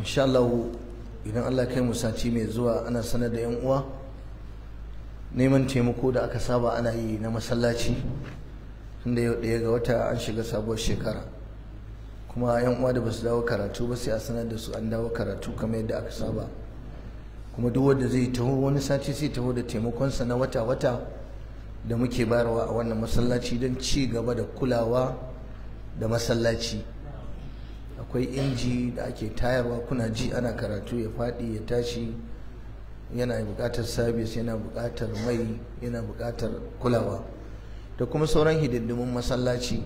insha idan Allah kai mu sati mai zuwa ana sanar da yan uwa neman taimako da aka saba ana yi na masallaci tunda yau daya ga wata an shiga sabuwar shekara kuma yan uwa da basu dawo karatu ba sai a sanar da su an dawo karatu kamar yadda aka saba kuma duk wanda zai taho wani sati sai taho da taimakonsa na wata-wata da muke bayarwa a wannan masallaci don ci gaba da kulawa da masallaci akwai inji da ake tayarwa kuna ji ana karatu ya faɗi ya tashi yana buƙatar sabis yana buƙatar mai yana buƙatar kulawa da kuma sauran hididdimin masallaci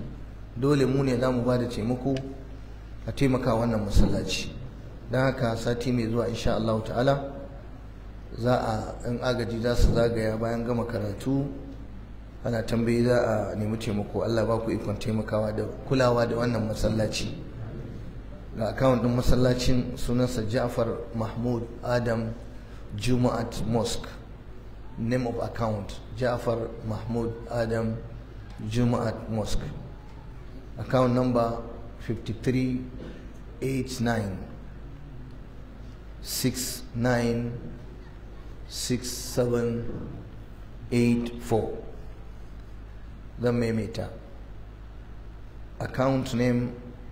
dole mu ne za mu ba da taimako a taimaka wannan masallaci don haka sati mai zuwa insha Allah ta'ala za a in agaji za su zagaya bayan gama karatu ana tambayi za a nemi taimako Allah ba ku ikon taimakawa da kulawa da wannan masallaci ga account din masallacin sunansa Ja'far Mahmud Adam Juma'at Mosque name of account Ja'far Mahmud Adam Juma'at Mosque account number 5389 696784 the Memeta account name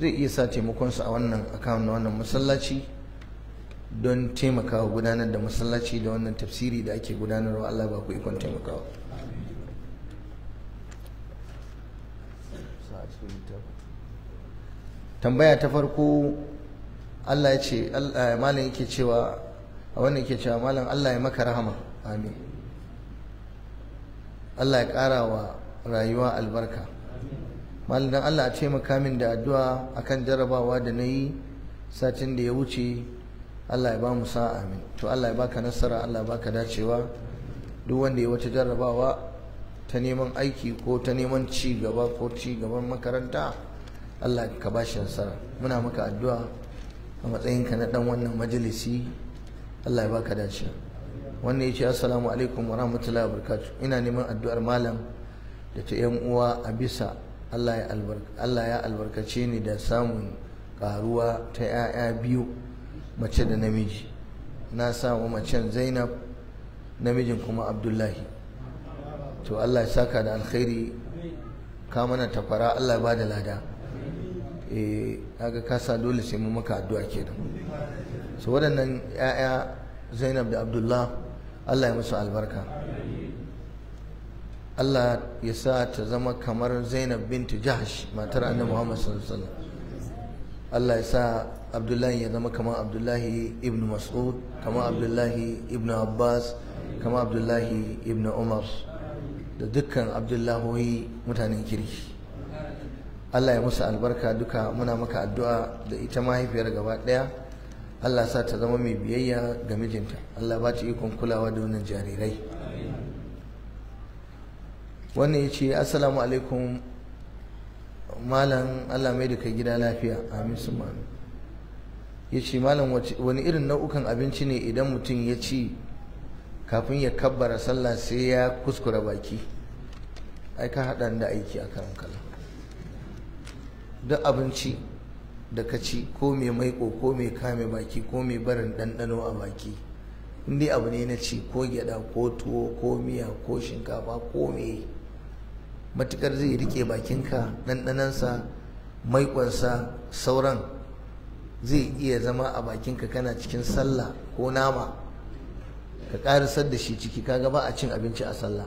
zai iya sa taimakonsa a wannan akawun na wannan masallaci don taimakawa gudanar da masallaci da wannan tafsiri da ake gudanarwa Allah ba ku ikon taimakawa tambaya ta farko Allah ya ce eh, malam yake cewa a wannan yake cewa malam Allah ya maka rahama amin Allah ya ƙara wa rayuwa albarka malin Allah a taimaka min da addu'a akan jarabawa da na yi satin da ya wuce Allah ya ba mu sa'a amin to Allah ya baka nasara Allah ya baka dacewa duk wanda ya wata jarrabawa ta neman aiki ko ta neman ci gaba ko ci gaban makaranta Allah ka ba shi nasara muna maka addu'a a ka na dan wannan majalisi Allah ya baka dacewa wannan ya ce assalamu alaikum wa rahmatullahi wa barakatuh ina neman addu'ar malam da ta yan uwa a bisa Allah ya albarkace ni da samun karuwa ta 'ya'ya biyu mace da namiji na samu macen zainab namijin kuma abdullahi to Allah ya saka da alkhairi ka mana tafara Allah ba da lada eh kaga kasa dole sai mu maka addu'a kenan so waɗannan 'ya'ya zainab da abdullah Allah ya musu albarka Allah ya sa ta zama kamar Zainab bintu Jahsh matar Annabi Muhammad sallallahu alaihi Allah ya sa Abdullahi ya zama kamar Abdullahi ibn Mas'ud kamar Abdullahi ibn Abbas kamar Abdullahi ibn Umar da dukkan Abdullahi mutanen kirki Allah ya musu albarka duka muna maka addu'a da ita mahaifiyar gaba ɗaya Allah sa ta zama mai biyayya ga mijinta Allah ba ta ikon kulawa da wannan jarirai wannan ya ce assalamu alaikum malam allah mai da gida lafiya amin su ya ce malam wani irin nau'ukan abinci ne idan mutum ya ci kafin ya kabbara sallah sai ya kuskura baki ai ka haɗa da aiki a karan kala duk abinci da ka ci ko mai maiko ko mai kame baki ko mai barin ɗanɗano a baki indai abu ne na ci ko gyaɗa ko tuwo ko miya ko shinkafa ko me matukar zai rike bakinka mai maikonsa sauran zai iya zama a bakinka kana cikin sallah ko nama ka ƙarisar da shi ciki kaga ba a cin abinci a sallah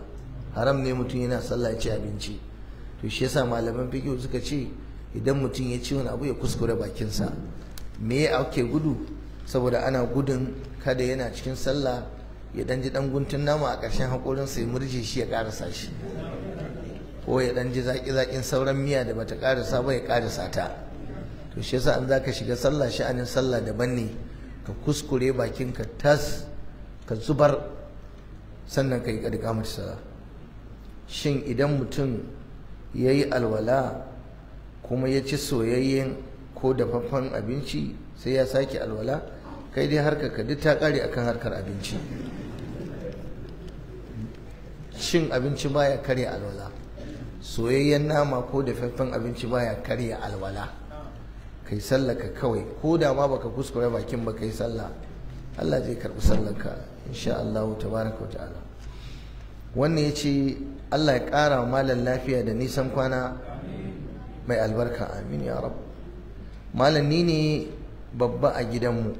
haram ne mutum yana sallah ya ci abinci to shi yasa malaman fiqh suka ce idan mutum ya ci wani abu ya kuskure bakinsa me ya ake gudu saboda ana gudun kada yana cikin sallah ya dan ji dan guntun nama a ƙarshen haƙorin sai murje shi ya karasa shi ko ya dan ji zaki zakin sauran miya da bata karasa ba ya karasa ta to shi yasa an zaka shiga sallah sha'anin sallah daban ne ka kuskure bakin ka tas ka zubar sannan ka yi mata shin idan mutum yayi alwala kuma ya ci soyayyen ko dafaffen abinci sai ya sake alwala kai dai harkar ka duk ta kare akan harkar abinci shin abinci baya karya alwala soyayyen nama ko dafaffen abinci baya karya alwala kai sallaka kawai ko da ma baka kuskure bakin ba kai sallah Allah zai karbi sallanka insha Allah tabaraka wa ta'ala wannan yace Allah ya kara wa malam lafiya da nisan kwana mai albarka amin ya rab malam ni ne babba a gidanmu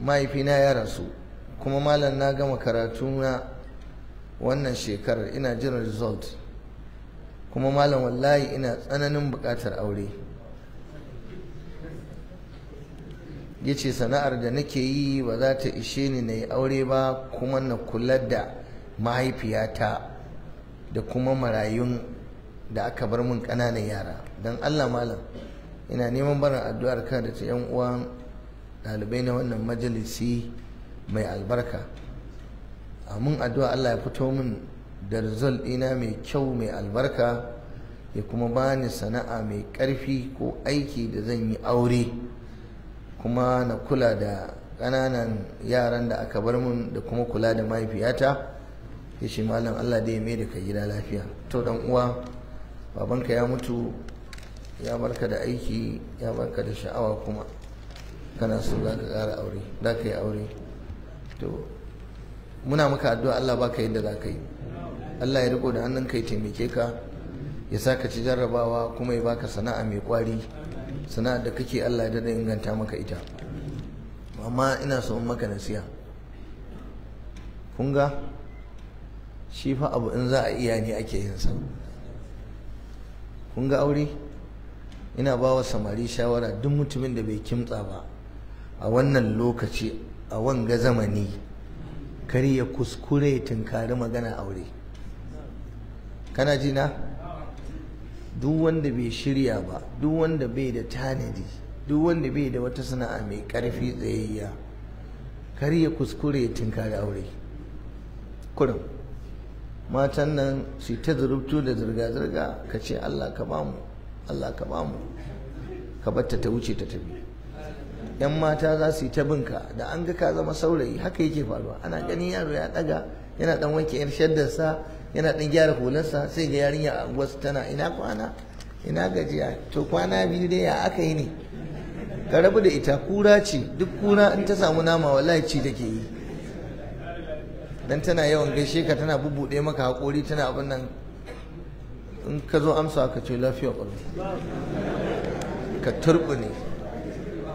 mahaifina ya rasu kuma malam na gama karatu na wannan shekarar ina jiran result kuma malam wallahi ina tsananin bukatar aure ya ce sana'ar da nake yi ba za ta ishe ni na yi aure ba kuma na kula da mahaifiyata da kuma marayun da aka bar mun ƙananan yara don allah malam ina neman barin addu'ar ka da ta yan uwa ɗalibai na wannan majalisi mai albarka amin addu'a allah ya fito min da result ɗina mai kyau mai albarka ya kuma bani sana'a mai ƙarfi ko aiki da zan yi aure kuma na kula da ƙananan yaran da aka bar mun da kuma kula da mahaifiyata ya shi malam Allah da ya mai da ka gida lafiya to dan uwa babanka ya mutu ya barka da aiki ya barka da sha'awa kuma kana so za ka ƙara aure za ka yi aure to muna maka addu'a Allah baka yadda za ka yi Allah ya riko da hannunka ya taimake ka ya sa ka ci jarrabawa kuma ya baka sana'a mai kwari sana'ar da kake Allah ya dada inganta maka ita amma ina so maka nasiha kun shi fa abu in za a iya ne ake yin sa Kunga aure ina ba wa samari shawara duk mutumin da bai kimtsa ba a wannan lokaci a wanga zamani kar ya kuskure tunkari magana aure kana ji na duk wanda bai shirya ba duk wanda bai da tanadi duk wanda bai da wata sana'a mai karfi tsayayya kar ya kuskure ya tinka da aure kurum matan nan su ta zurubtu da zirga-zirga ka ce Allah ka bamu Allah ka bamu ka batta ta wuce ta tafi yan mata za su yi ta binka da an ga ka zama saurayi haka yake faruwa ana ganin yaro ya daga yana dan wanke yar shaddarsa yana ɗan gyara hularsa sai ga yarinya a wasu tana ina kwana ina gajiya to kwana biyu dai ya aka yi ne ka rabu da ita kura ce duk kura in ta samu nama wallahi ci take yi dan tana yawan gaishe ka tana bubuɗe maka haƙori tana abin nan in ka zo amsa ka ce lafiya ƙwaro ka turɓune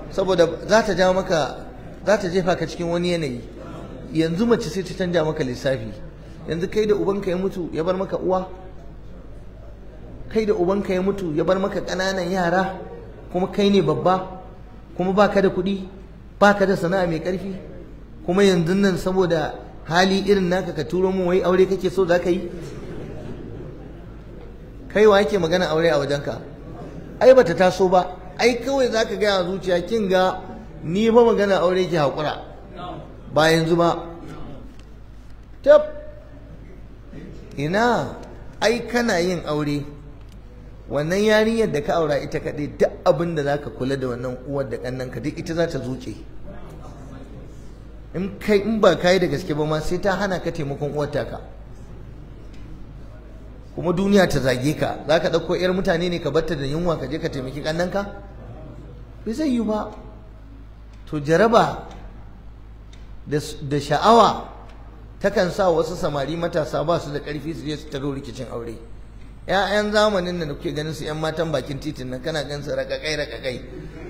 saboda za ta ja maka za ta jefa ka cikin wani yanayi yanzu mace sai ta canja maka lissafi yanzu kai da ubanka ya mutu ya bar maka uwa kai da ubanka ya mutu ya bar maka ƙananan yara kuma kai ne babba kuma baka da kuɗi baka da sana'a mai ƙarfi kuma yanzu nan saboda hali irin naka ka turo mu wai aure kake so za ka yi kai wa yake magana aure a wajenka ai bata taso ba ai kawai za ka gaya zuciya kin ga ni ba magana aure ke haƙura ba yanzu ba tab ina ai kana yin aure wannan yarinyar da ka aura ita kaɗai duk abin da za kula da wannan uwar da ka duk ita za ta zuce in kai ba ka da gaske ba ma sai ta hana ka taimakon uwar ka. kuma duniya ta zage ka za ka ɗauko 'yar mutane ne ka batta da yunwa ka je ka taimaki ka. bai zai yi ba to jaraba da sha'awa takan sa wasu samari matasa ba su da ƙarfi su je su taro rikicin aure Ya'yan zamanin da kuke ganin su yan matan bakin titin nan kana ganin su rakakai rakakai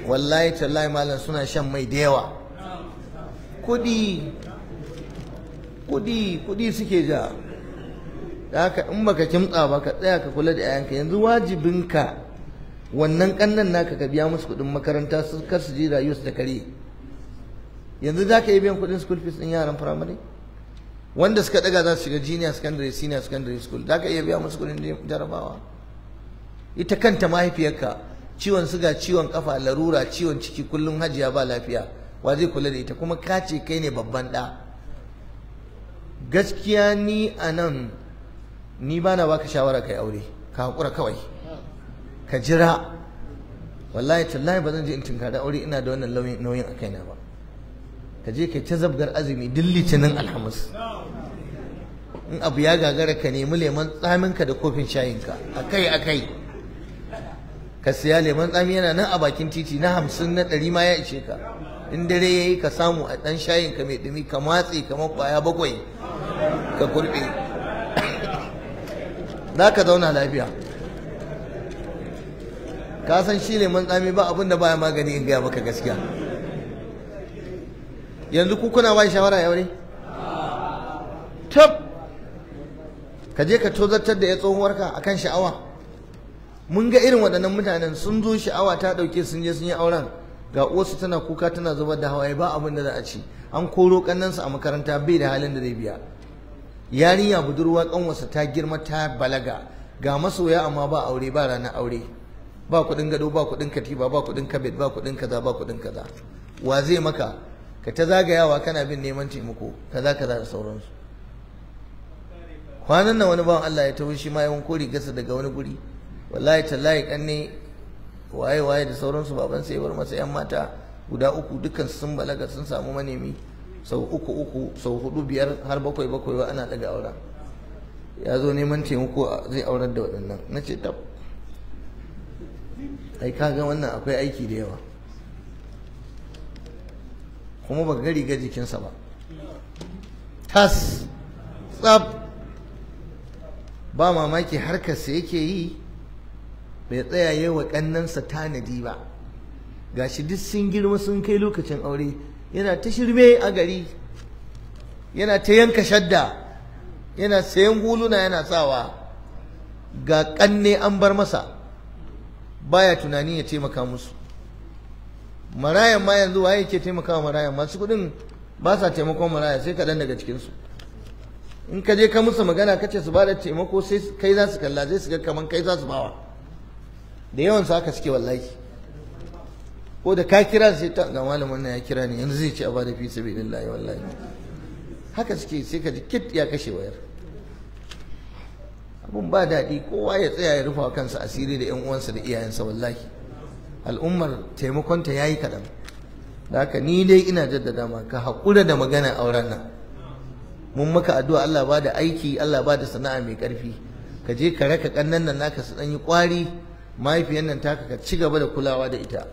wallahi tallahi malam suna shan mai da yawa kudi kudi kudi suke ja haka in baka kimtsa ba ka tsaya ka kula da 'ya'yanka yanzu wajibinka wannan kannan naka ka biya musu kuɗin makaranta su kar su je su da kare yanzu za ka yi biyan kuɗin school fees ɗin yaran firamare wanda suka daga za su shiga junior secondary senior secondary school za ka iya biya musu kudin jarabawa ita kanta mahaifiyarka ciwon suga ciwon kafa larura ciwon ciki kullum hajiya ba lafiya wa zai kula da ita kuma ka ce kai ne babban da gaskiya ni a nan ni ba na baka shawara kai aure ka haƙura kawai ka jira wallahi tallahi ba zan je in tunkari aure ina da wannan nauyin a kaina ba ka je ka ci zabgar azumi duk litinin alhamis in abu ya gagara ka nemi lemon tsaminka da kofin shayinka akai akai ka siya lemon tsami yana nan a bakin titi na hamsin na ɗari ma ya ishe ka in dare ya yi ka samu a ɗan shayinka mai ɗumi ka matse kamar ƙwaya bakwai ka kurɓe za ka zauna lafiya ka san shi lemon tsami ba abin da baya magani in gaya maka gaskiya yanzu ku kuna ba shawara ya aure tab ka je ka tozartar da ya tsohuwarka akan sha'awa mun ga irin waɗannan mutanen sun zo sha'awa ta ɗauke sun je sun yi auren ga uwarsu tana kuka tana zubar da hawaye ba abin da za a ci an koro kannansa a makaranta bai da halin da zai biya yarinya budurwa kanwarsa ta girma ta balaga ga masoya amma ba aure ba ranar aure ba kuɗin gado ba kuɗin katiba ba kuɗin kabet ba kuɗin kaza ba kuɗin kaza wa zai maka ka ta zagayawa kana bin neman taimako kaza kaza da sauransu kwanan nan wani bawan Allah ya taho shi ma yawan kori gasa daga wani guri wallahi tallahi ne waye waye da sauransu baban sai bar masa yan mata guda uku dukkan sun balaga sun samu manemi sau uku uku sau hudu biyar har bakwai bakwai ba ana daga aura ya zo neman taimako zai aurar da waɗannan na ce tab ai kaga wannan akwai aiki da yawa kuma ba ga riga jikinsa ba tas tsab ba mamaki harkarsa yake yi bai tsaya yi wa ƙannansa tanadi ba gashi duk sun girma sun kai lokacin aure yana ta shirme a gari yana ta yanka shadda yana sayan huluna yana sawa ga ƙanne an bar masa baya tunani ya taimaka musu marayan ma yanzu waye ke taimakawa marayan masu kuɗin ba sa taimakon maraya sai kaɗan daga cikinsu in ka je ka musu magana ka ce su ba da taimako sai kai za su kalla zai su ga kaman kai za su bawa da yawan su haka suke wallahi ko da ka kira sai ta ga malamin nan ya kira ni yanzu zai ce a ba da fisa billahi wallahi haka suke sai ka ji kit ya kashe wayar abun ba daɗi kowa ya tsaya ya rufa kansa asiri da 'yan uwansa da iyayensa wallahi al'ummar taimakonta ya yi kaɗan da haka ni dai ina jaddada ma ka haƙura da magana auren nan mun maka addu'a Allah ba da aiki Allah ba da sana'a mai ƙarfi ka je ka raka ƙannan nan naka su ɗan yi ƙwari nan taka ka ci gaba da kulawa da ita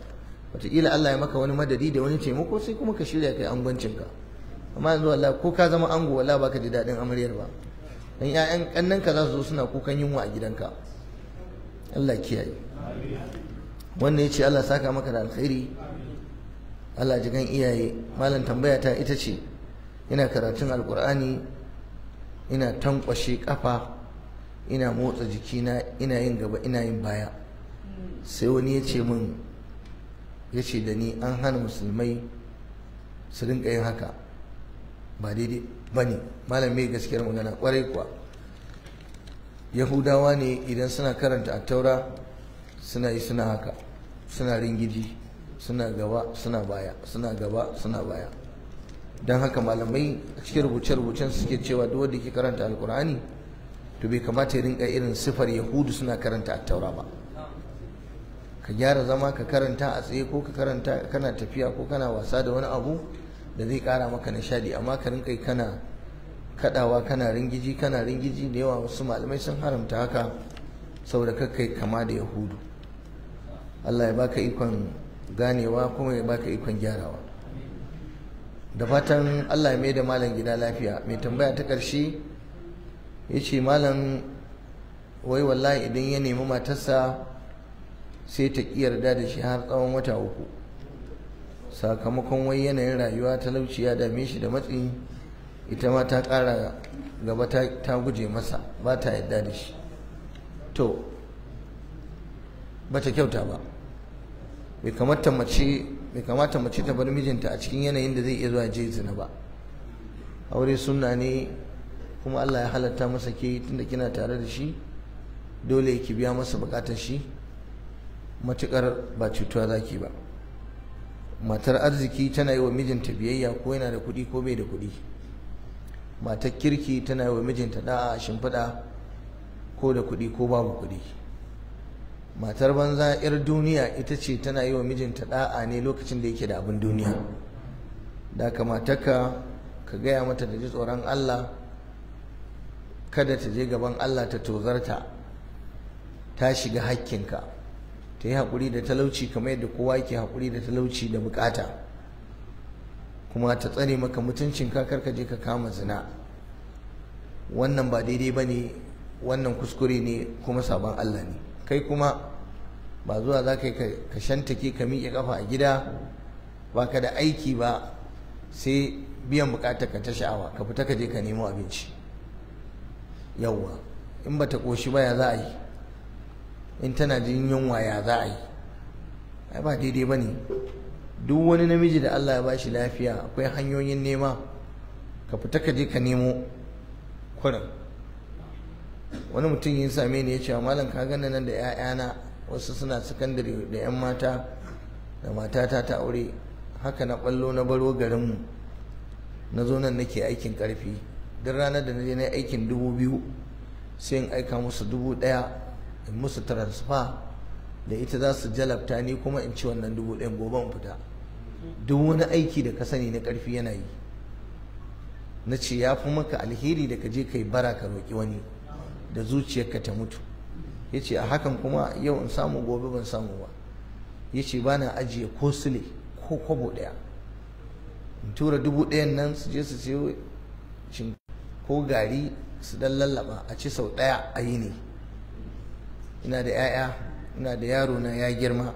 wataƙila Allah ya maka wani madadi da wani taimako sai kuma ka shirya kai ka. amma yanzu wallahi ko ka zama ango wallahi baka ji daɗin amaryar ba dan ƴaƴan ƙannanka za su zo suna kukan yunwa a gidanka Allah kiyaye wannan ce Allah saka maka da alkhairi Allah ji gan iyaye malam tambaya ta ita ce ina karatun alkur'ani ina tankwashe kafa ina motsa jikina ina yin gaba ina yin baya sai wani ya ce min ya ce da ni an hana musulmai su rinka yin haka ba daidai ba ne malam mai gaskiyar magana kwarai kuwa yahudawa ne idan suna karanta a taura suna yi suna haka suna ringiji suna gaba suna baya suna gaba suna baya don haka malamai a cikin rubuce-rubucen suke cewa duk wanda ke karanta alkur'ani to bai kamata ya rinka irin sifar yahudu suna karanta attaura ba ka gyara zama ka karanta a tsaye ko ka karanta kana tafiya ko kana wasa da wani abu da zai kara maka nishadi amma ka rinka kana kadawa kana ringiji kana ringiji da yawa wasu malamai sun haramta haka saboda kakkai kama da yahudu Allah ya baka ikon ganewa kuma ya baka ikon gyarawa da fatan Allah ya mai da malam gida lafiya mai tambaya ta ƙarshe ya ce malam wai wallahi idan ya nemi matarsa sai ta ƙi yarda da shi har tsawon wata uku sakamakon wai yanayin rayuwa talauci ya dame shi da matsi ita ma ta ƙara gaba ta guje masa ba ta yarda da shi to bata kyauta ba bai kamata mace ta bar mijinta a cikin yanayin da zai iya zuwa je zina ba aure suna ne kuma Allah ya halatta masa ke tunda kina tare da shi dole ki biya masa bukatar shi matukar ba cutuwa zaki ba matar arziki tana yi wa mijinta biyayya ko yana da kuɗi ko bai da kuɗi matar kirki tana yi wa mijinta da'a shimfiɗa ko da kuɗi ko babu kuɗi matar banza yar duniya ita ce tana yi wa mijinta da'a ne lokacin da yake da abin duniya da kamata ka gaya mata da ji tsoron Allah kada ta je gaban Allah ta tozarta ta shiga hakkinka ta yi haƙuri da talauci kamar yadda kowa yake haƙuri da talauci da bukata kuma ta tsare maka mutuncin mutuncinka ka je ka kama zina wannan ba daidai ba ne wannan kuskure ne kuma sabon Allah ne kai kuma ba zuwa za ka yi ka shantake ka miƙe kafa a gida ba ka da aiki ba sai biyan bukatar ka ta sha'awa ka fita ka je ka nemo abinci yawwa in ba ta koshi ba ya za a yi in tana jin yunwa ya za a yi ai ba daidai ba ne duk wani namiji da Allah ya bashi lafiya akwai hanyoyin nema ka fita ka je ka nemo kurin wani mutum ya same ni ya ce malam ka gane nan da 'ya'yana wasu suna sakandare da 'yan mata da matata ta aure haka na ɓallo na baro garinmu na zo nan nake aikin karfi duk ranar da na je na aikin dubu biyu sai in aika musu dubu ɗaya in musu transfer da ita za su jalabta ni kuma in ci wannan dubu ɗayan gobe in fita duk wani aiki da ka sani na karfi yana yi na ce ya fi maka alheri da ka je ka yi bara ka roƙi wani da zuciyarka ta mutu yace a hakan kuma yau in samu gobe ban samu ba yace na ajiye ko sule ko kwabo daya in tura dubu ɗayan nan su je su siyo ko gari su dan lallaba a ci sau ɗaya a yi ne ina da 'ya'ya ina da yaro na ya girma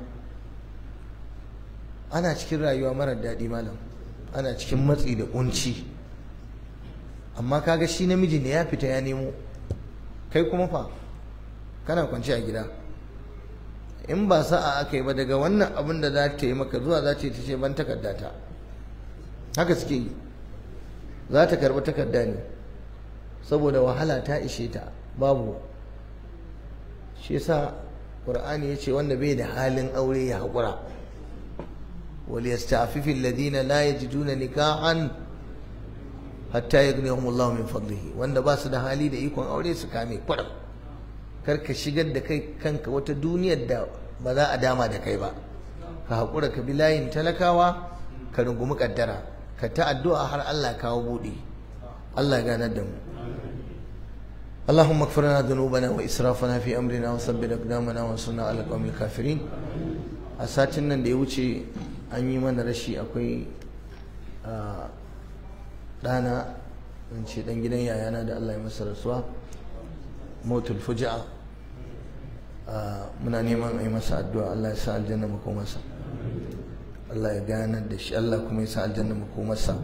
ana cikin rayuwa marar daɗi malam ana cikin matsi da kunci amma kaga shi namiji ne ya fita ya nemo kai kuma fa kana kwance a gida in ba sa'a aka yi ba daga wannan abin da za ta yi maka zuwa za ta yi ta ce ban takarda ta haka suke yi za ta karɓi takarda ne saboda wahala ta ishe ta babu shi yasa ya ce wanda bai da halin aure ya haƙura wal yastafifi alladhina la yajiduna nikahan hatta yaghniyahum Allah min fadlihi wanda ba su da hali da ikon aure su kame kar ka shigar da kai kanka wata duniyar da ba za a dama da kai ba ka haƙura ka bi layin talakawa ka rungumi ƙaddara ka ta addu'a har Allah kawo buɗe Allah ya ganar da mu اللهم اغفر لنا ذنوبنا واسرافنا في امرنا وثبت اقدامنا وانصرنا على القوم kafirin. a satin nan da ya wuce an yi mana rashi akwai ɗana in ɗan gidan yayana da Allah ya masa rasuwa motul fuja'a Ah, muna neman a yi masa addu'a Allah ya sa aljanna mu masa Allah ya gana da shi Allah kuma ya sa aljanna mu masa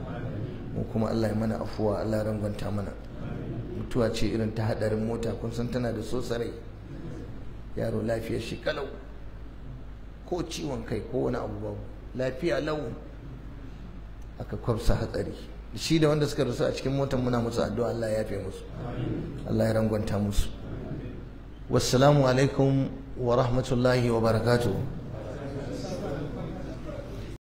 mu kuma Allah ya mana afuwa Allah ya rangwanta mana mutuwa ce irin ta hadarin mota kun san tana da sosare yaro lafiyar shi kalau ko ciwon kai ko wani abu babu lafiya lau aka kwabsa hatsari shi da wanda suka rasu a cikin motan muna musu addu'a Allah ya yafe musu Allah ya rangwanta musu wassalamu alaikum wa rahmatullahi wa barakatu.